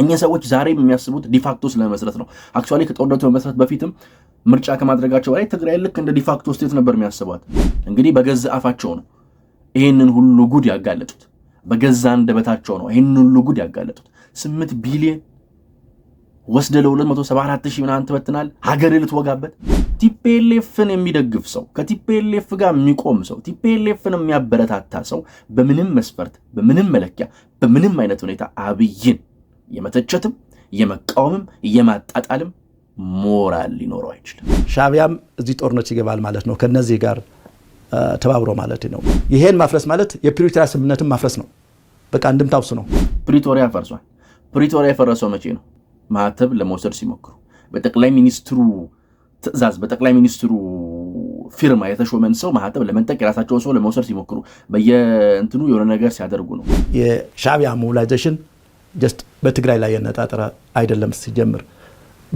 እኛ ሰዎች ዛሬም የሚያስቡት ዲፋክቶ ስለመስረት ነው። አክቹዋሊ ከጦርነቱ መመስረት በፊትም ምርጫ ከማድረጋቸው በላይ ትግራይ ልክ እንደ ዲፋክቶ ስቴት ነበር የሚያስቧት። እንግዲህ በገዛ አፋቸው ነው ይህንን ሁሉ ጉድ ያጋለጡት። በገዛ አንደበታቸው ነው ይህንን ሁሉ ጉድ ያጋለጡት። ስምንት ቢሊየን ወስደ ለ274 ሺህ ምናምን ትበትናል። ሀገር ልትወጋበት ቲፒኤልኤፍን የሚደግፍ ሰው ከቲፒኤልኤፍ ጋር የሚቆም ሰው ቲፒኤልኤፍን የሚያበረታታ ሰው በምንም መስፈርት፣ በምንም መለኪያ፣ በምንም አይነት ሁኔታ አብይን የመተቸትም የመቃወምም የማጣጣልም ሞራል ሊኖረው አይችልም። ሻቢያም እዚህ ጦርነት ይገባል ማለት ነው፣ ከነዚህ ጋር ተባብሮ ማለት ነው። ይሄን ማፍረስ ማለት የፕሪቶሪያ ስምምነትን ማፍረስ ነው። በቃ እንድምታውስ ነው። ፕሪቶሪያ ፈርሷል። ፕሪቶሪያ የፈረሰው መቼ ነው? ማተብ ለመውሰድ ሲሞክሩ በጠቅላይ ሚኒስትሩ ትዕዛዝ በጠቅላይ ሚኒስትሩ ፊርማ የተሾመን ሰው ማተብ ለመንጠቅ የራሳቸውን ሰው ለመውሰድ ሲሞክሩ በየእንትኑ የሆነ ነገር ሲያደርጉ ነው። የሻቢያ ሞቢላይዜሽን ጀስት በትግራይ ላይ ያነጣጠረ አይደለም ሲጀምር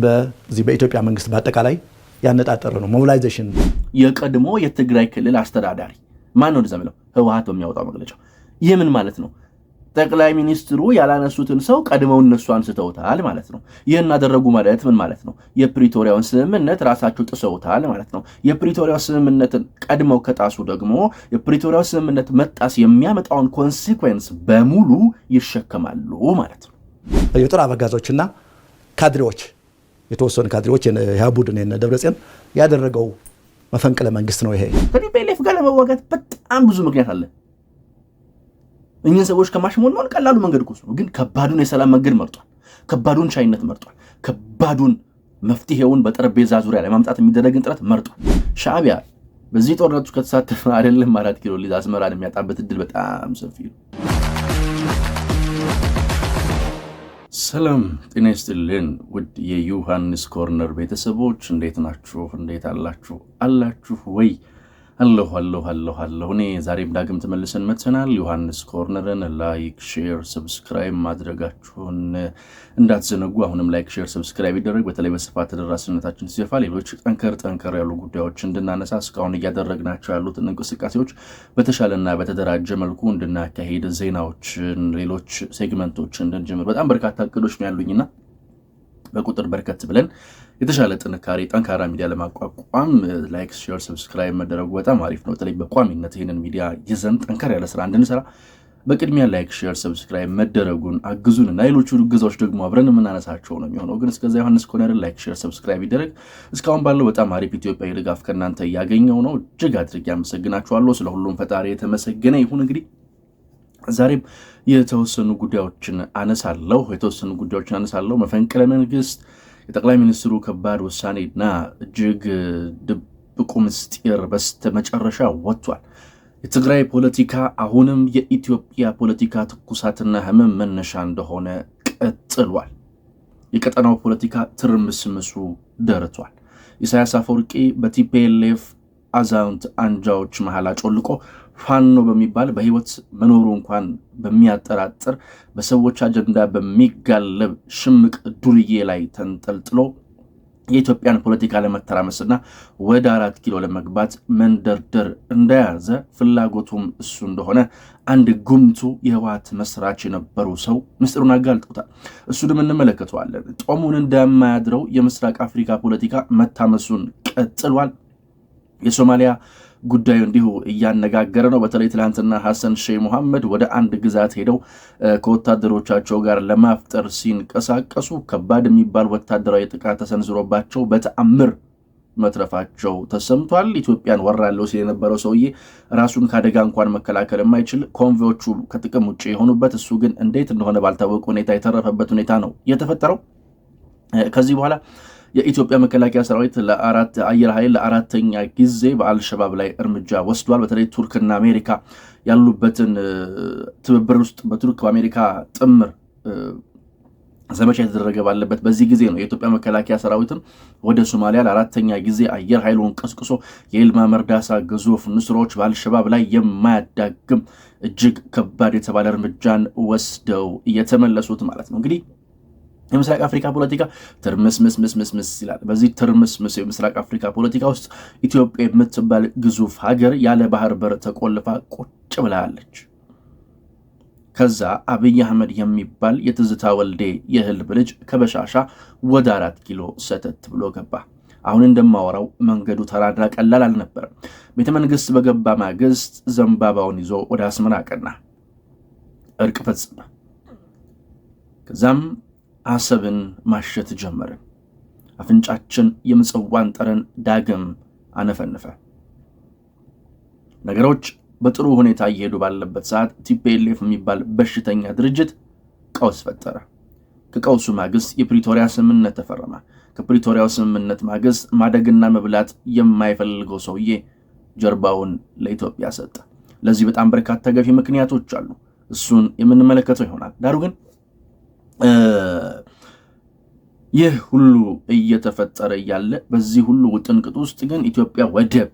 በዚህ በኢትዮጵያ መንግስት በአጠቃላይ ያነጣጠረ ነው። ሞቢላይዜሽን የቀድሞ የትግራይ ክልል አስተዳዳሪ ማን ነው ዘምለው ህወሀት በሚያወጣው መግለጫ ይህ ምን ማለት ነው? ጠቅላይ ሚኒስትሩ ያላነሱትን ሰው ቀድመው እነሱ አንስተውታል ማለት ነው። ይህን አደረጉ ማለት ምን ማለት ነው? የፕሪቶሪያውን ስምምነት ራሳቸው ጥሰውታል ማለት ነው። የፕሪቶሪያው ስምምነትን ቀድመው ከጣሱ ደግሞ የፕሪቶሪያው ስምምነት መጣስ የሚያመጣውን ኮንሲኩዌንስ በሙሉ ይሸከማሉ ማለት ነው። የጦር አበጋዞችና ካድሬዎች የተወሰኑ ካድሬዎች ያ ቡድን ደብረጽዮን ያደረገው መፈንቅለ መንግስት ነው። ይሄ ከቲፒኤልኤፍ ጋር ለመዋጋት በጣም ብዙ ምክንያት አለ። እኚህን ሰዎች ከማሽሞን ቀላሉ መንገድ ነው፣ ግን ከባዱን የሰላም መንገድ መርጧል። ከባዱን ሻይነት መርጧል። ከባዱን መፍትሄውን በጠረጴዛ ዙሪያ ላይ ማምጣት የሚደረግን ጥረት መርጧል። ሻዕቢያ በዚህ ጦርነቱ ከተሳተፈ አይደለም አራት ኪሎ ሊዝ አስመራን የሚያጣበት እድል በጣም ሰፊ ነው። ሰላም ጤና ይስጥልን ውድ የዮሐንስ ኮርነር ቤተሰቦች እንዴት ናችሁ? እንዴት አላችሁ? አላችሁ ወይ? አለሁ አለሁ አለሁ አለሁ እኔ ዛሬም ዳግም ተመልሰን መጥተናል። ዮሐንስ ኮርነርን ላይክ፣ ሼር፣ ሰብስክራይብ ማድረጋችሁን እንዳትዘነጉ። አሁንም ላይክ፣ ሼር፣ ሰብስክራይብ ይደረግ። በተለይ በስፋት ተደራሽነታችን ሲሰፋ ሌሎች ጠንከር ጠንከር ያሉ ጉዳዮች እንድናነሳ እስካሁን እያደረግናቸው ያሉትን እንቅስቃሴዎች በተሻለና በተደራጀ መልኩ እንድናካሄድ ዜናዎችን፣ ሌሎች ሴግመንቶችን እንድንጀምር በጣም በርካታ እቅዶች ነው ያሉኝና በቁጥር በርከት ብለን የተሻለ ጥንካሬ ጠንካራ ሚዲያ ለማቋቋም ላይክ፣ ሼር፣ ሰብስክራይብ መደረጉ በጣም አሪፍ ነው። በተለይ በቋሚነት ይህንን ሚዲያ ይዘን ጠንከር ያለ ስራ እንድንሰራ በቅድሚያ ላይክ፣ ሼር፣ ሰብስክራይብ መደረጉን አግዙን እና ሌሎቹ እገዛዎች ደግሞ አብረን የምናነሳቸው ነው የሚሆነው። ግን እስከዛ ዮሐንስ ኮርነር ላይክ፣ ሼር፣ ሰብስክራይብ ይደረግ። እስካሁን ባለው በጣም አሪፍ ኢትዮጵያዊ ድጋፍ ከእናንተ እያገኘው ነው። እጅግ አድርጌ አመሰግናችኋለሁ። ስለ ሁሉም ፈጣሪ የተመሰገነ ይሁን። እንግዲህ ዛሬም የተወሰኑ ጉዳዮችን አነሳለሁ የተወሰኑ ጉዳዮችን አነሳለሁ መፈንቅለ መንግስት የጠቅላይ ሚኒስትሩ ከባድ ውሳኔ እና እጅግ ድብቁ ምስጢር በስተመጨረሻ ወጥቷል። የትግራይ ፖለቲካ አሁንም የኢትዮጵያ ፖለቲካ ትኩሳትና ህመም መነሻ እንደሆነ ቀጥሏል። የቀጠናው ፖለቲካ ትርምስምሱ ደርቷል። ኢሳያስ አፈወርቂ በቲፒኤልኤፍ አዛውንት አንጃዎች መሀል አጮልቆ ፋኖ በሚባል በህይወት መኖሩ እንኳን በሚያጠራጥር በሰዎች አጀንዳ በሚጋለብ ሽምቅ ዱርዬ ላይ ተንጠልጥሎ የኢትዮጵያን ፖለቲካ ለመተራመስና ወደ አራት ኪሎ ለመግባት መንደርደር እንደያዘ ፍላጎቱም እሱ እንደሆነ አንድ ጉምቱ የህወሓት መስራች የነበሩ ሰው ምስጢሩን አጋልጦታል እሱንም እንመለከተዋለን። ጦሙን እንደማያድረው የምስራቅ አፍሪካ ፖለቲካ መታመሱን ቀጥሏል። የሶማሊያ ጉዳዩ እንዲሁ እያነጋገረ ነው። በተለይ ትላንትና ሐሰን ሼህ ሙሐመድ ወደ አንድ ግዛት ሄደው ከወታደሮቻቸው ጋር ለማፍጠር ሲንቀሳቀሱ ከባድ የሚባል ወታደራዊ ጥቃት ተሰንዝሮባቸው በተአምር መትረፋቸው ተሰምቷል። ኢትዮጵያን ወራለው ሲል የነበረው ሰውዬ ራሱን ከአደጋ እንኳን መከላከል የማይችል ኮንቮዮቹ ከጥቅም ውጭ የሆኑበት እሱ ግን እንዴት እንደሆነ ባልታወቀ ሁኔታ የተረፈበት ሁኔታ ነው የተፈጠረው ከዚህ በኋላ የኢትዮጵያ መከላከያ ሰራዊት ለአራት አየር ኃይል ለአራተኛ ጊዜ በአልሸባብ ላይ እርምጃ ወስዷል። በተለይ ቱርክና አሜሪካ ያሉበትን ትብብር ውስጥ በቱርክ በአሜሪካ ጥምር ዘመቻ የተደረገ ባለበት በዚህ ጊዜ ነው የኢትዮጵያ መከላከያ ሰራዊትም ወደ ሶማሊያ ለአራተኛ ጊዜ አየር ኃይሉን ቀስቅሶ የይልማ መርዳሳ ግዙፍ ንስሮች በአልሸባብ ላይ የማያዳግም እጅግ ከባድ የተባለ እርምጃን ወስደው እየተመለሱት ማለት ነው እንግዲህ የምስራቅ አፍሪካ ፖለቲካ ትርምስምስምስምስ ይላል። በዚህ ትርምስምስ የምስራቅ አፍሪካ ፖለቲካ ውስጥ ኢትዮጵያ የምትባል ግዙፍ ሀገር ያለ ባህር በር ተቆልፋ ቁጭ ብላለች። ከዛ አብይ አህመድ የሚባል የትዝታ ወልዴ የህልብ ልጅ ከበሻሻ ወደ አራት ኪሎ ሰተት ብሎ ገባ። አሁን እንደማወራው መንገዱ ተራራ ቀላል አልነበረም። ቤተመንግስት በገባ ማግስት ዘንባባውን ይዞ ወደ አስመራ ቀና፣ እርቅ ፈጽመ። ከዛም አሰብን ማሸት ጀመርን። አፍንጫችን የምጽዋን ጠረን ዳግም አነፈንፈ። ነገሮች በጥሩ ሁኔታ እየሄዱ ባለበት ሰዓት ቲፒኤልኤፍ የሚባል በሽተኛ ድርጅት ቀውስ ፈጠረ። ከቀውሱ ማግስት የፕሪቶሪያ ስምምነት ተፈረመ። ከፕሪቶሪያው ስምምነት ማግስት ማደግና መብላት የማይፈልገው ሰውዬ ጀርባውን ለኢትዮጵያ ሰጠ። ለዚህ በጣም በርካታ ገፊ ምክንያቶች አሉ። እሱን የምንመለከተው ይሆናል። ዳሩ ግን ይህ ሁሉ እየተፈጠረ እያለ በዚህ ሁሉ ውጥንቅጥ ውስጥ ግን ኢትዮጵያ ወደብ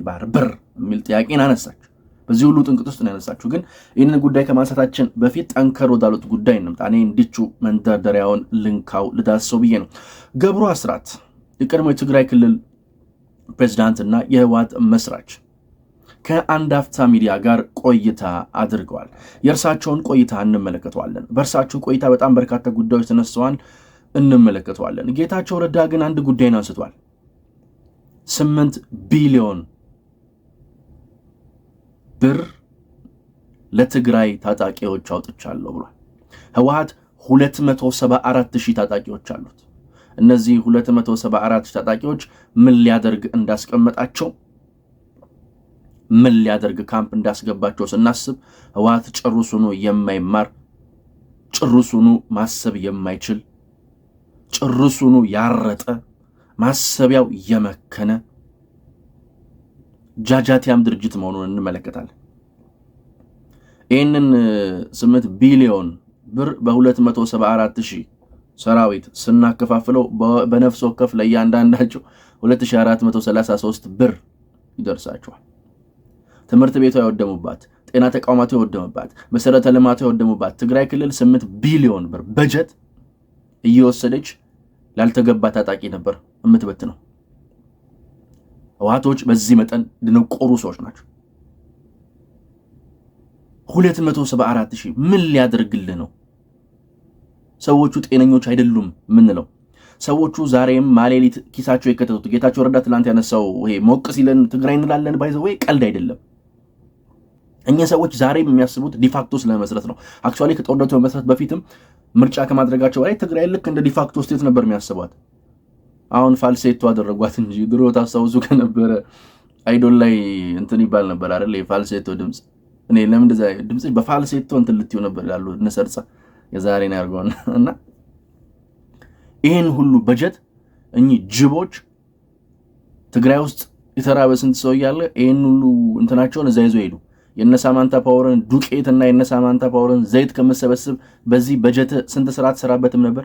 ይባር ብር የሚል ጥያቄን አነሳችሁ። በዚህ ሁሉ ጥንቅጥ ውስጥ ነው ያነሳችሁ። ግን ይህንን ጉዳይ ከማንሳታችን በፊት ጠንከር ወዳሉት ጉዳይ እንምጣ። እኔ እንድቹ መንደርደሪያውን ልንካው ልዳሰው ብዬ ነው። ገብሩ አስራት የቀድሞ የትግራይ ክልል ፕሬዚዳንትና የህወሓት መስራች ከአንድ አፍታ ሚዲያ ጋር ቆይታ አድርገዋል። የእርሳቸውን ቆይታ እንመለከተዋለን። በእርሳቸው ቆይታ በጣም በርካታ ጉዳዮች ተነስተዋል፣ እንመለከተዋለን። ጌታቸው ረዳ ግን አንድ ጉዳይን አንስቷል። ስምንት ቢሊዮን ብር ለትግራይ ታጣቂዎች አውጥቻለሁ ብሏል። ህወሀት 274 ሺህ ታጣቂዎች አሉት። እነዚህ 274 ሺህ ታጣቂዎች ምን ሊያደርግ እንዳስቀመጣቸው ምን ሊያደርግ ካምፕ እንዳስገባቸው ስናስብ ህወሓት ጭሩሱኑ የማይማር ጭሩሱኑ ማሰብ የማይችል ጭሩሱኑ ያረጠ ማሰቢያው የመከነ ጃጃቲያም ድርጅት መሆኑን እንመለከታለን። ይህንን 8 ቢሊዮን ብር በ274 ሺህ ሰራዊት ስናከፋፍለው በነፍስ ወከፍ ለእያንዳንዳቸው 2433 ብር ይደርሳቸዋል። ትምህርት ቤቷ የወደሙባት፣ ጤና ተቋማቱ የወደሙባት፣ መሰረተ ልማቱ ያወደሙባት ትግራይ ክልል ስምንት ቢሊዮን ብር በጀት እየወሰደች ላልተገባ ታጣቂ ነበር የምትበት ነው። ህወሓቶች በዚህ መጠን ድንቆሩ ሰዎች ናቸው። 274 ሺህ ምን ሊያደርግልህ ነው? ሰዎቹ ጤነኞች አይደሉም የምንለው ሰዎቹ ዛሬም ማሌሊት ኪሳቸው የከተቱት ጌታቸው ረዳ ትላንት ያነሳው ይሄ ሞቅ ሲለን ትግራይ እንላለን ባይዘ ወይ ቀልድ አይደለም። እኛ ሰዎች ዛሬም የሚያስቡት ዲፋክቶ ስለመስረት ነው። አክቹዋሊ ከጦርነቱ መመስረት በፊትም ምርጫ ከማድረጋቸው በላይ ትግራይ ልክ እንደ ዲፋክቶ ስቴት ነበር የሚያስቧት። አሁን ፋልሴቶ አደረጓት እንጂ ድሮ ታስታውሱ ከነበረ አይዶል ላይ እንትን ይባል ነበር አይደል? የፋልሴቶ ድምፅ እኔ ለምን እንደዛ ድምፅ በፋልሴቶ እንትን ልትዩ ነበር ያሉ እነሰርጸ የዛሬን ያርገውን እና ይህን ሁሉ በጀት እኚህ ጅቦች ትግራይ ውስጥ የተራበ ስንት ሰው እያለ ይህን ሁሉ እንትናቸውን እዛ ይዞ ሄዱ። የነሳማንታ ፓወርን ዱቄት እና የነሳማንታ ፓወርን ዘይት ከምሰበስብ በዚህ በጀት ስንት ስራ ትሰራበትም ነበር።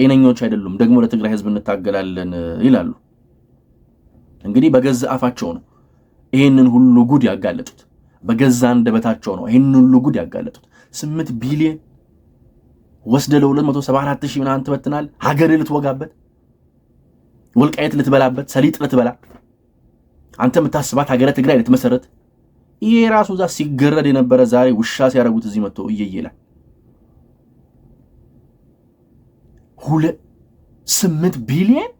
ጤነኞች አይደሉም። ደግሞ ለትግራይ ህዝብ እንታገላለን ይላሉ። እንግዲህ በገዛ አፋቸው ነው ይህንን ሁሉ ጉድ ያጋለጡት። በገዛ አንደበታቸው ነው ይህንን ሁሉ ጉድ ያጋለጡት። ስምንት ቢሊየን ወስደ ለ274 ሺህ ምናምን ትበትናል። ሀገር ልትወጋበት፣ ወልቃየት ልትበላበት፣ ሰሊጥ ልትበላ አንተ የምታስባት ሀገረ ትግራይ ልትመሰረት ይሄ ራሱ እዛ ሲገረድ የነበረ ዛሬ ውሻ ሲያደርጉት እዚህ መጥቶ እየየላል ሁለ ስምንት ቢሊየን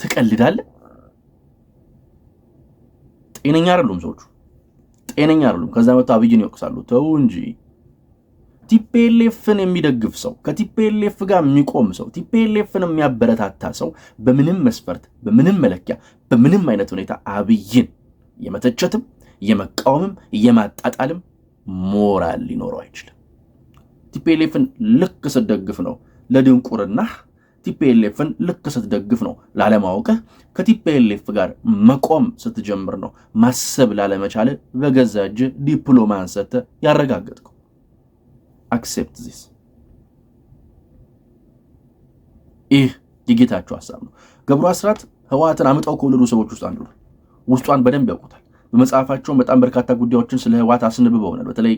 ትቀልዳለ። ጤነኛ አይደሉም ሰዎቹ፣ ጤነኛ አይደሉም። ከዛ መጥቶ አብይን ይወቅሳሉ። ተው እንጂ ቲፒኤልኤፍን የሚደግፍ ሰው ከቲፒኤልኤፍ ጋር የሚቆም ሰው ቲፒኤልኤፍን የሚያበረታታ ሰው በምንም መስፈርት፣ በምንም መለኪያ፣ በምንም አይነት ሁኔታ አብይን የመተቸትም የመቃወምም የማጣጣልም ሞራል ሊኖረው አይችልም። ቲፒኤልኤፍን ልክ ስትደግፍ ነው ለድንቁርናህ፣ ቲፒኤልኤፍን ልክ ስትደግፍ ነው ላለማወቅህ፣ ከቲፒኤልኤፍ ጋር መቆም ስትጀምር ነው ማሰብ ላለመቻለ በገዛ እጅ ዲፕሎማ አንሰተህ ያረጋገጥከው። አክሴፕት ዚስ። ይህ የጌታቸው ሀሳብ ነው። ገብሩ አስራት ህወሓትን አምጠው ከወለዱ ሰዎች ውስጥ አንዱ ነው። ውስጧን በደንብ ያውቁታል። በመጽሐፋቸውን በጣም በርካታ ጉዳዮችን ስለ ህወሓት አስነብበውናል። በተለይ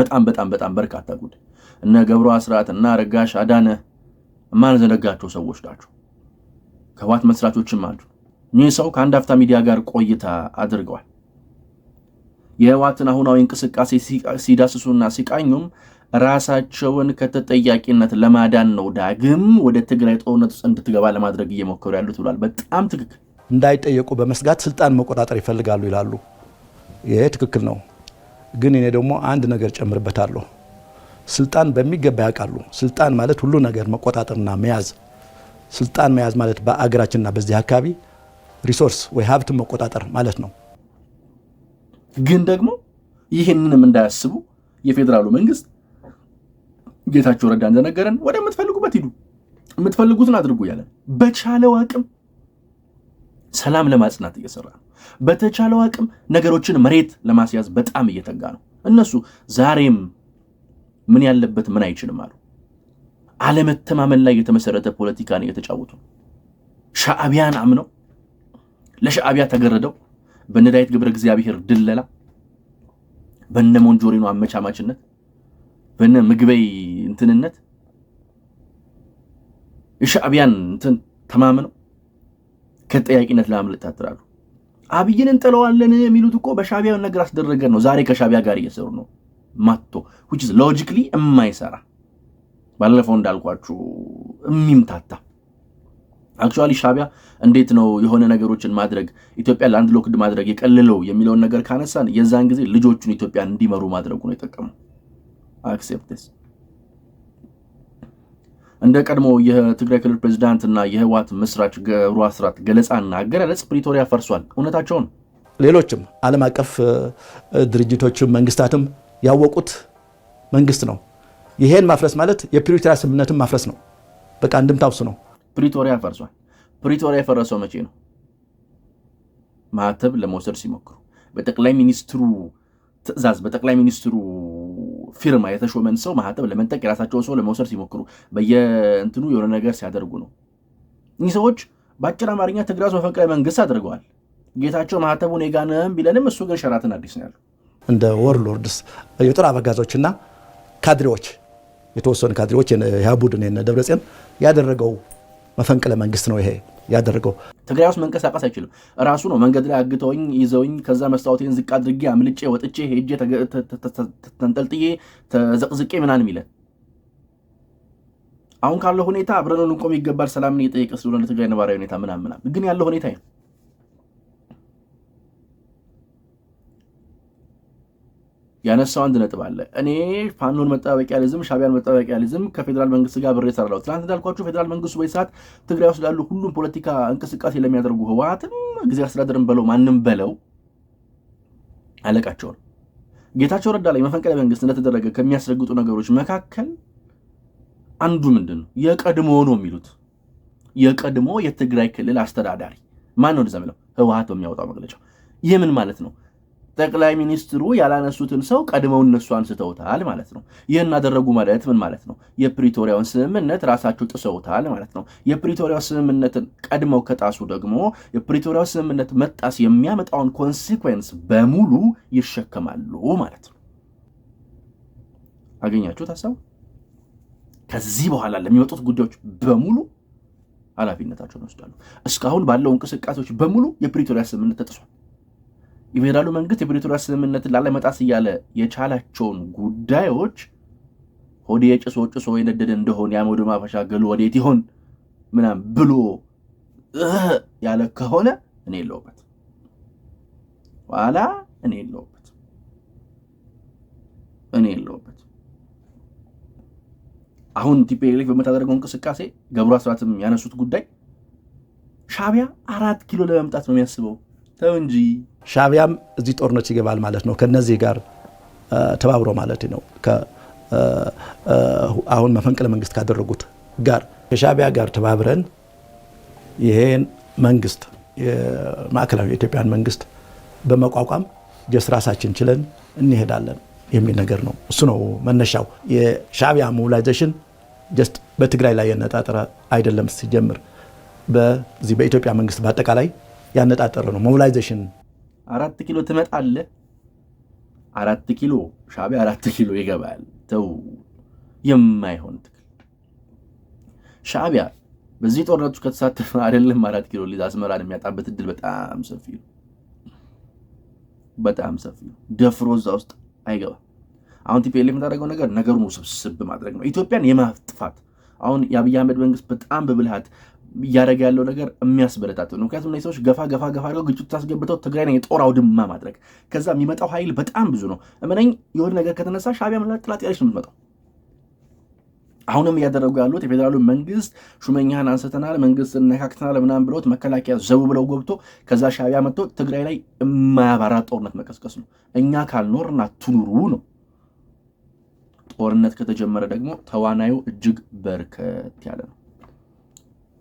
በጣም በጣም በጣም በርካታ ጉዳይ እነ ገብሩ አስራት እና ረጋሽ አዳነ የማንዘነጋቸው ሰዎች ናቸው። ከህወሓት መስራቾችም አንዱ እኚህ ሰው ከአንድ አፍታ ሚዲያ ጋር ቆይታ አድርገዋል። የህወሓትን አሁናዊ እንቅስቃሴ ሲዳስሱና ሲቃኙም ራሳቸውን ከተጠያቂነት ለማዳን ነው ዳግም ወደ ትግራይ ጦርነት ውስጥ እንድትገባ ለማድረግ እየሞከሩ ያሉት ብሏል። በጣም ትክክል። እንዳይጠየቁ በመስጋት ስልጣን መቆጣጠር ይፈልጋሉ ይላሉ። ይሄ ትክክል ነው። ግን እኔ ደግሞ አንድ ነገር ጨምርበታለሁ። ስልጣን በሚገባ ያውቃሉ። ስልጣን ማለት ሁሉ ነገር መቆጣጠርና መያዝ፣ ስልጣን መያዝ ማለት በአገራችንና በዚህ አካባቢ ሪሶርስ ወይ ሀብትን መቆጣጠር ማለት ነው። ግን ደግሞ ይህንንም እንዳያስቡ የፌዴራሉ መንግስት ጌታቸው ረዳ እንደነገረን የምትፈልጉበት ሂዱ፣ የምትፈልጉትን አድርጉ ያለን በቻለው አቅም ሰላም ለማጽናት እየሰራ ነው። በተቻለው አቅም ነገሮችን መሬት ለማስያዝ በጣም እየተጋ ነው። እነሱ ዛሬም ምን ያለበት ምን አይችልም አሉ። አለመተማመን ላይ የተመሰረተ ፖለቲካን እየተጫወቱ ሻዕቢያን አምነው ለሻዕቢያ ተገረደው በነ ዳዊት እግዚአብሔር ድለላ፣ በነ ሞንጆሪኖ አመቻማችነት፣ በነ ምግበይ እንትንነት የሻዕቢያን እንትን ተማምነው ከጠያቂነት ለማምለጥ ታትራሉ። አብይን እንጠለዋለን የሚሉት እኮ በሻዕቢያን ነገር አስደረገን ነው። ዛሬ ከሻዕቢያ ጋር እየሰሩ ነው። ማቶ ሎጂክሊ የማይሰራ ባለፈው እንዳልኳችሁ የሚምታታ አክቹዋሊ ሻቢያ እንዴት ነው የሆነ ነገሮችን ማድረግ ኢትዮጵያ ለአንድ ሎክድ ማድረግ የቀልለው የሚለውን ነገር ካነሳን የዛን ጊዜ ልጆቹን ኢትዮጵያን እንዲመሩ ማድረጉ ነው የጠቀሙ። አክሴፕትስ እንደ ቀድሞ የትግራይ ክልል ፕሬዚዳንትና የህወሓት ምስራች ገብሩ አስራት ገለጻና አገላለጽ ፕሪቶሪያ ፈርሷል፣ እውነታቸው ነው። ሌሎችም ዓለም አቀፍ ድርጅቶችም መንግስታትም ያወቁት መንግስት ነው። ይሄን ማፍረስ ማለት የፕሪቶሪያ ስምምነትን ማፍረስ ነው። በቃ እንድምታውስ ነው። ፕሪቶሪያ ፈርሷል። ፕሪቶሪያ የፈረሰው መቼ ነው? ማዕተብ ለመውሰድ ሲሞክሩ በጠቅላይ ሚኒስትሩ ትእዛዝ በጠቅላይ ሚኒስትሩ ፊርማ የተሾመን ሰው ማህተብ ለመንጠቅ የራሳቸውን ሰው ለመውሰድ ሲሞክሩ በየእንትኑ የሆነ ነገር ሲያደርጉ ነው። እኚህ ሰዎች በአጭር አማርኛ ትግራይ መፈንቅለ መንግስት አድርገዋል። ጌታቸው ማህተቡን የጋነም ቢለንም እሱ ግን ሸራትን አዲስ ነው ያሉ እንደ ወርሎርድስ የጦር አበጋዞችና ካድሬዎች የተወሰኑ ካድሬዎች ያ ቡድን ደብረጽዮን ያደረገው መፈንቅለ መንግስት ነው ይሄ ያደረገው። ትግራይ ውስጥ መንቀሳቀስ አይችልም። ራሱ ነው መንገድ ላይ አግተውኝ ይዘውኝ፣ ከዛ መስታወቴን ዝቅ አድርጌ አምልጬ ወጥቼ ሄጄ ተንጠልጥዬ ተዘቅዝቄ ምናምን ይለን አሁን ካለው ሁኔታ አብረን ልንቆም ይገባል። ሰላምን እየጠየቀ ስለሆነ ትግራይ ነባራዊ ሁኔታ ምናምን ምናምን ግን ያለው ሁኔታ ያነሳው አንድ ነጥብ አለ። እኔ ፋኖን መጠባበቂያ ልዝም፣ ሻቢያን መጠባበቂያ ልዝም፣ ከፌዴራል መንግስት ጋር ብሬ ሰራለሁ። ትናንት እንዳልኳችሁ ፌዴራል መንግስቱ በዚህ ሰዓት ትግራይ ውስጥ ላሉ ሁሉም ፖለቲካ እንቅስቃሴ ለሚያደርጉ ህወሓትም ጊዜ አስተዳደርም በለው ማንም በለው አለቃቸው ነው። ጌታቸው ረዳ ላይ መፈንቅለ መንግስት እንደተደረገ ከሚያስረግጡ ነገሮች መካከል አንዱ ምንድን ነው? የቀድሞ ነው የሚሉት የቀድሞ የትግራይ ክልል አስተዳዳሪ ማን ነው? እንደዛ የሚለው ህወሓት በሚያወጣው መግለጫ ይህ ምን ማለት ነው? ጠቅላይ ሚኒስትሩ ያላነሱትን ሰው ቀድመው እነሱ አንስተውታል ማለት ነው። ይህን አደረጉ ማለት ምን ማለት ነው? የፕሪቶሪያውን ስምምነት ራሳቸው ጥሰውታል ማለት ነው። የፕሪቶሪያው ስምምነትን ቀድመው ከጣሱ ደግሞ የፕሪቶሪያው ስምምነት መጣስ የሚያመጣውን ኮንሲኩዌንስ በሙሉ ይሸከማሉ ማለት ነው። አገኛችሁት ሀሳቡ? ከዚህ በኋላ ለሚመጡት ጉዳዮች በሙሉ ኃላፊነታቸውን ይወስዳሉ። እስካሁን ባለው እንቅስቃሴዎች በሙሉ የፕሪቶሪያ ስምምነት ተጥሷል። የፌዴራሉ መንግስት የፕሪቶሪያ ስምምነትን ላለመጣስ እያለ የቻላቸውን ጉዳዮች ሆዴ የጭሶ ጭሶ የነደደ እንደሆን የአመዱ ማፈሻ ገሉ ወዴት ይሆን ምናም ብሎ ያለ ከሆነ እኔ የለውበት ኋላ እኔ የለውበት እኔ የለውበት። አሁን ቲፒኤልኤፍ በምታደርገው እንቅስቃሴ ገብሩ አስራትም ያነሱት ጉዳይ ሻቢያ አራት ኪሎ ለመምጣት ነው የሚያስበው ተው እንጂ ሻቢያም እዚህ ጦርነት ይገባል ማለት ነው፣ ከነዚህ ጋር ተባብሮ ማለት ነው። አሁን መፈንቅለ መንግስት ካደረጉት ጋር ከሻቢያ ጋር ተባብረን ይሄን መንግስት የማዕከላዊ የኢትዮጵያን መንግስት በመቋቋም ጀስ ራሳችን ችለን እንሄዳለን የሚል ነገር ነው። እሱ ነው መነሻው። የሻቢያ ሞቢላይዜሽን ጀስት በትግራይ ላይ የነጣጠረ አይደለም ሲጀምር በዚህ በኢትዮጵያ መንግስት በአጠቃላይ ያነጣጠረ ነው ሞቢላይዜሽን። አራት ኪሎ ትመጣለ አራት ኪሎ ሻዕቢያ አራት ኪሎ ይገባል። ተው፣ የማይሆን ሻቢያ ሻዕቢያ በዚህ ጦርነቱ ከተሳተፈ አይደለም አራት ኪሎ ሊዝ አስመራን የሚያጣበት እድል በጣም ሰፊ ነው። በጣም ሰፊ ነው። ደፍሮ እዛ ውስጥ አይገባም። አሁን ቲፒኤልኤፍ የምታደርገው ነገር ነገሩን ውስብስብ ማድረግ ነው፣ ኢትዮጵያን የማጥፋት አሁን የአብይ አህመድ መንግስት በጣም በብልሃት እያደረገ ያለው ነገር የሚያስበረታት ነው። ምክንያቱም ላይ ሰዎች ገፋ ገፋ ገፋ አድርገው ግጭት አስገብተው ነው የጦር አውድማ ማድረግ ከዛ የሚመጣው ኃይል በጣም ብዙ ነው። እመነኝ የሆነ ነገር ከተነሳ ሻቢያ ምላ ጥላት ያለች ነው የምትመጣው። አሁንም እያደረጉ ያሉት የፌዴራሉ መንግስት ሹመኛህን አንስተናል፣ መንግስት ነካክተናል ምናምን ብለውት መከላከያ ዘቡ ብለው ገብቶ ከዛ ሻቢያ መጥቶ ትግራይ ላይ የማያባራ ጦርነት መቀስቀስ ነው። እኛ ካልኖርና ትኑሩ ነው። ጦርነት ከተጀመረ ደግሞ ተዋናዩ እጅግ በርከት ያለ ነው።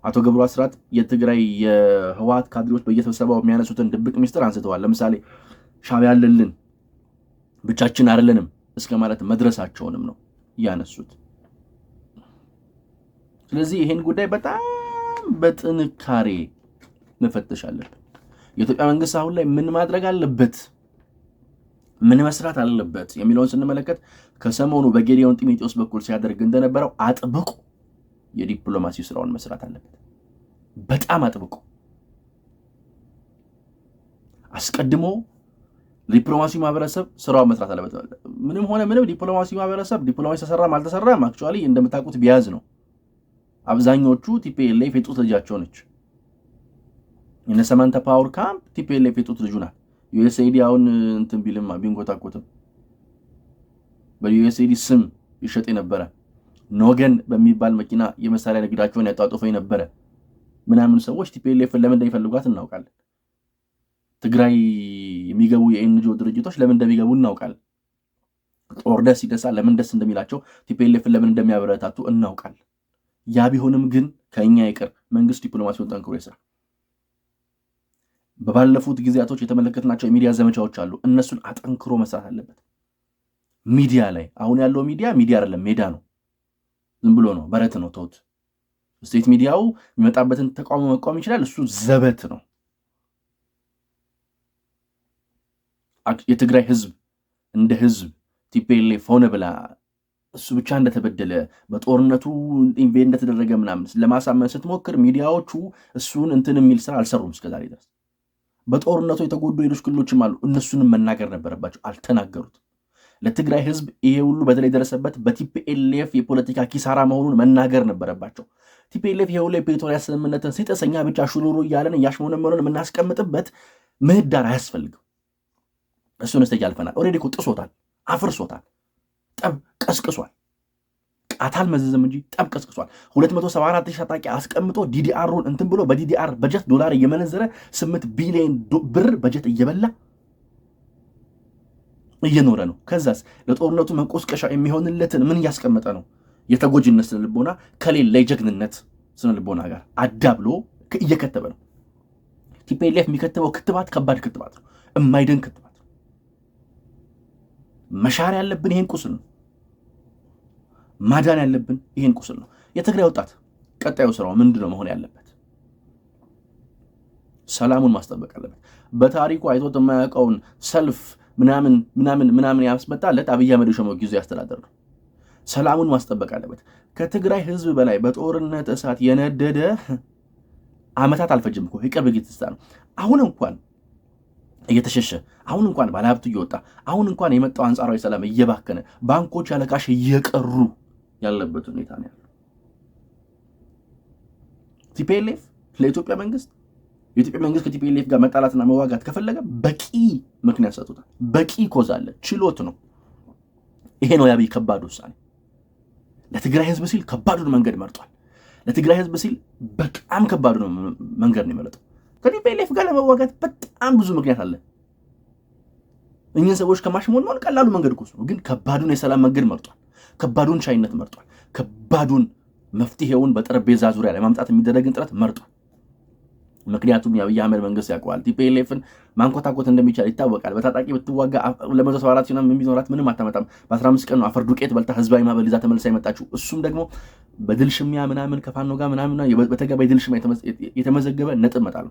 አቶ ገብሩ አስራት የትግራይ የህወሀት ካድሬዎች በየስብሰባው የሚያነሱትን ድብቅ ሚስጥር አንስተዋል። ለምሳሌ ሻቢያ አለልን ብቻችን አይደለንም እስከ ማለት መድረሳቸውንም ነው ያነሱት። ስለዚህ ይህን ጉዳይ በጣም በጥንካሬ መፈተሽ አለብን። የኢትዮጵያ መንግስት አሁን ላይ ምን ማድረግ አለበት፣ ምን መስራት አለበት የሚለውን ስንመለከት ከሰሞኑ በጌዲዮን ጢሞቴዎስ በኩል ሲያደርግ እንደነበረው አጥብቁ የዲፕሎማሲ ስራውን መስራት አለበት። በጣም አጥብቆ አስቀድሞ ዲፕሎማሲ ማህበረሰብ ስራውን መስራት አለበት። ምንም ሆነ ምንም ዲፕሎማሲ ማህበረሰብ ዲፕሎማሲ ተሰራም አልተሰራም አክቹዋሊ እንደምታውቁት ቢያዝ ነው። አብዛኞቹ ቲፒኤልኤፍ የጡት ልጃቸው ነች። እነ ሰማንታ ፓወር ካምፕ ቲፒኤልኤፍ የጡት ልጁ ናት። ዩኤስኤዲ አሁን እንትን ቢልማ ቢንጎታኮትም በዩኤስኤዲ ስም ይሸጥ የነበረ ኖገን በሚባል መኪና የመሳሪያ ንግዳቸውን ያጧጡፈ ነበረ ምናምን ሰዎች ቲፒኤልኤፍን ለምን እንደሚፈልጓት እናውቃለን። ትግራይ የሚገቡ የኤንጂኦ ድርጅቶች ለምን እንደሚገቡ እናውቃለን። ደስ ሲደሳ ለምን ደስ እንደሚላቸው ቲፒኤልኤፍን ለምን እንደሚያበረታቱ እናውቃለን። ያ ቢሆንም ግን ከእኛ ይቅር፣ መንግስት ዲፕሎማሲውን ጠንክሮ ይስራ። በባለፉት ጊዜያቶች የተመለከትናቸው የሚዲያ ዘመቻዎች አሉ። እነሱን አጠንክሮ መስራት አለበት። ሚዲያ ላይ አሁን ያለው ሚዲያ ሚዲያ አይደለም፣ ሜዳ ነው። ዝም ብሎ ነው፣ በረት ነው። ተውት። ስቴት ሚዲያው የሚመጣበትን ተቃውሞ መቃወም ይችላል። እሱ ዘበት ነው። የትግራይ ህዝብ እንደ ህዝብ ቲፔሌፍ ሆነ ብላ እሱ ብቻ እንደተበደለ በጦርነቱ ኢንቬ እንደተደረገ ምናምን ለማሳመን ስትሞክር ሚዲያዎቹ እሱን እንትን የሚል ስራ አልሰሩም እስከዛሬ ድረስ። በጦርነቱ የተጎዱ ሌሎች ክልሎችም አሉ። እነሱንም መናገር ነበረባቸው፣ አልተናገሩት። ለትግራይ ህዝብ ይሄ ሁሉ በተለይ የደረሰበት በቲፒኤልኤፍ የፖለቲካ ኪሳራ መሆኑን መናገር ነበረባቸው። ቲፒኤልኤፍ ይሄ ሁሉ የፕሪቶሪያ ስምምነትን ሲጥሰኛ ብቻ ሹሩሩ እያለን እያሽመነመኑን የምናስቀምጥበት ምህዳር አያስፈልግም። እሱን ስቴጅ ያልፈናል። ኦልሬዲ እኮ ጥሶታል፣ አፍርሶታል፣ ጠብ ቀስቅሷል። ቃታል መዘዘም እንጂ ጠብ ቀስቅሷል። 274 ሺህ ታጣቂ አስቀምጦ ዲዲአሩን እንትን ብሎ በዲዲአር በጀት ዶላር እየመነዘረ 8 ቢሊዮን ብር በጀት እየበላ እየኖረ ነው። ከዛስ ለጦርነቱ መቆስቀሻ የሚሆንለትን ምን እያስቀመጠ ነው? የተጎጂነት ስነልቦና ከሌለ የጀግንነት ስነልቦና ጋር አዳብሎ እየከተበ ነው። ቲፒኤልኤፍ የሚከትበው ክትባት ከባድ ክትባት ነው፣ እማይደን ክትባት። መሻር ያለብን ይህን ቁስል ነው። ማዳን ያለብን ይህን ቁስል ነው። የትግራይ ወጣት ቀጣዩ ስራው ምንድን ነው መሆን ያለበት? ሰላሙን ማስጠበቅ አለበት። በታሪኩ አይቶት የማያውቀውን ሰልፍ ምናምን ምናምን ምናምን ያስመጣለት አብይ አህመድ የሾመው ጊዜያዊ አስተዳደር ነው። ሰላሙን ማስጠበቅ አለበት። ከትግራይ ህዝብ በላይ በጦርነት እሳት የነደደ አመታት አልፈጅም እኮ የቅርብ ጊዜ ነው። አሁን እንኳን እየተሸሸ አሁን እንኳን ባለሀብቱ እየወጣ አሁን እንኳን የመጣው አንጻራዊ ሰላም እየባከነ ባንኮች ያለ እየቀሩ ያለበት ሁኔታ ነው ያለው። ቲፒኤልኤፍ ለኢትዮጵያ መንግስት የኢትዮጵያ መንግስት ከቲፒኤልኤፍ ጋር መጣላትና መዋጋት ከፈለገ በቂ ምክንያት ሰጡታል። በቂ ኮዝ አለ፣ ችሎት ነው። ይሄ ነው የአብይ ከባድ ውሳኔ። ለትግራይ ህዝብ ሲል ከባዱን መንገድ መርጧል። ለትግራይ ህዝብ ሲል በጣም ከባዱ መንገድ ነው የመረጠው። ከቲፒኤልኤፍ ጋር ለመዋጋት በጣም ብዙ ምክንያት አለ። እኚህን ሰዎች ከማሽሞን ቀላሉ መንገድ ኮስ ነው፣ ግን ከባዱን የሰላም መንገድ መርጧል። ከባዱን ሻይነት መርጧል። ከባዱን መፍትሄውን በጠረጴዛ ዙሪያ ለማምጣት የሚደረግን ጥረት መርጧል። ምክንያቱም የአብይ አህመድ መንግስት ያውቀዋል። ቲፒኤልኤፍን ማንኮታኮት እንደሚቻል ይታወቃል። በታጣቂ ብትዋጋ ለመቶ ሰባ አራት ሲሆን የሚኖራት ምንም አታመጣም። በ15 ቀን ነው አፈር ዱቄት በልታ ህዝባዊ ማዕበል ይዛ ተመልሳ የመጣችው። እሱም ደግሞ በድል ሽሚያ ምናምን ከፋኖ ጋር ምናምን በተገባ የድል ሽሚያ የተመዘገበ ነጥብ መጣል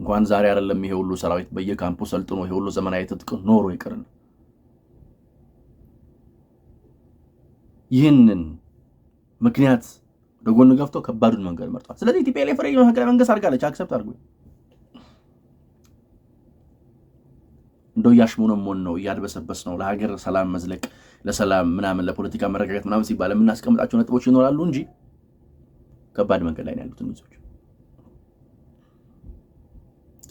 እንኳን ዛሬ አይደለም ይሄ ሁሉ ሰራዊት በየካምፑ ሰልጥኖ ይሄ ሁሉ ዘመናዊ ትጥቅ ኖሮ ይቅርን ይህንን ምክንያት ወደ ጎን ገፍቶ ከባዱን መንገድ መርጧል። ስለዚህ ኢትዮጵያ ላይ ፍሬ መፈንቅለ መንግስት አድርጋለች። አክሰፕት አድርጉ። እንደው እያሽሞነሞን ነው እያድበሰበስ ነው። ለሀገር ሰላም መዝለቅ ለሰላም ምናምን ለፖለቲካ መረጋጋት ምናምን ሲባል የምናስቀምጣቸው ነጥቦች ይኖራሉ እንጂ ከባድ መንገድ ላይ ያሉት ሚዞች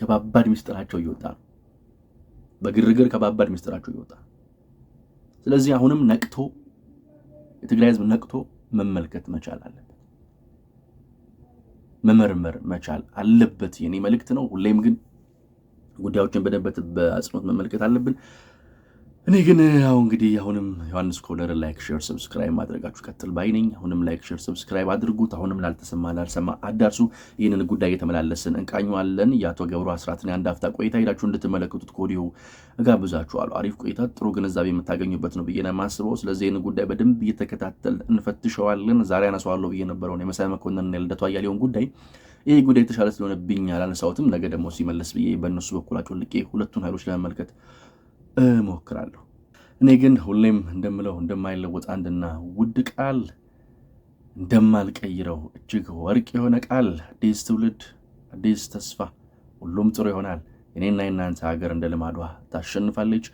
ከባባድ ሚስጥራቸው እየወጣ ነው። በግርግር ከባባድ ሚስጥራቸው እየወጣ ስለዚህ አሁንም ነቅቶ የትግራይ ህዝብ ነቅቶ መመልከት መቻል አለን። መመርመር መቻል አለበት። የኔ መልእክት ነው። ሁሌም ግን ጉዳዮችን በደንብ በአጽንኦት መመልከት አለብን። እኔ ግን ያው እንግዲህ አሁንም ዮሐንስ ኮርነር ላይክ ሼር ሰብስክራይብ ማድረጋችሁ ቀጥል ባይ ነኝ። አሁንም ላይክ ሼር ሰብስክራይብ አድርጉት። አሁንም ላልተሰማ ላልሰማ አዳርሱ። ይህንን ጉዳይ እየተመላለስን እንቃኘዋለን። የአቶ ገብሩ አስራትን የአንድ አፍታ ቆይታ ሄዳችሁ እንድትመለከቱት ከወዲሁ እጋብዛችኋለሁ። አሪፍ ቆይታ፣ ጥሩ ግንዛቤ የምታገኙበት ነው ብዬ ነው የማስበው። ስለዚህ ይህን ጉዳይ በደንብ እየተከታተል እንፈትሸዋለን። ዛሬ አነሳዋለሁ ብዬ ነበረውን የመሳይ መኮንን የልደቱ አያሌውን ጉዳይ ይህ ጉዳይ የተሻለ ስለሆነብኝ አላነሳሁትም። ነገ ደግሞ ሲመለስ ብዬ በእነሱ በኩላቸው ልቄ ሁለቱን ኃይሎች ለመመልከት እሞክራለሁ። እኔ ግን ሁሌም እንደምለው እንደማይለወጥ አንድና ውድ ቃል እንደማልቀይረው እጅግ ወርቅ የሆነ ቃል አዲስ ትውልድ፣ አዲስ ተስፋ፣ ሁሉም ጥሩ ይሆናል። የኔና የናንተ ሀገር እንደ ልማዷ ታሸንፋለች።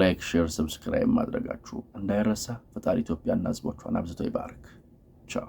ላይክ፣ ሼር፣ ሰብስክራይብ ማድረጋችሁ እንዳይረሳ። ፈጣሪ ኢትዮጵያና ሕዝቦቿን አብዝቶ ይባርክ። ቻው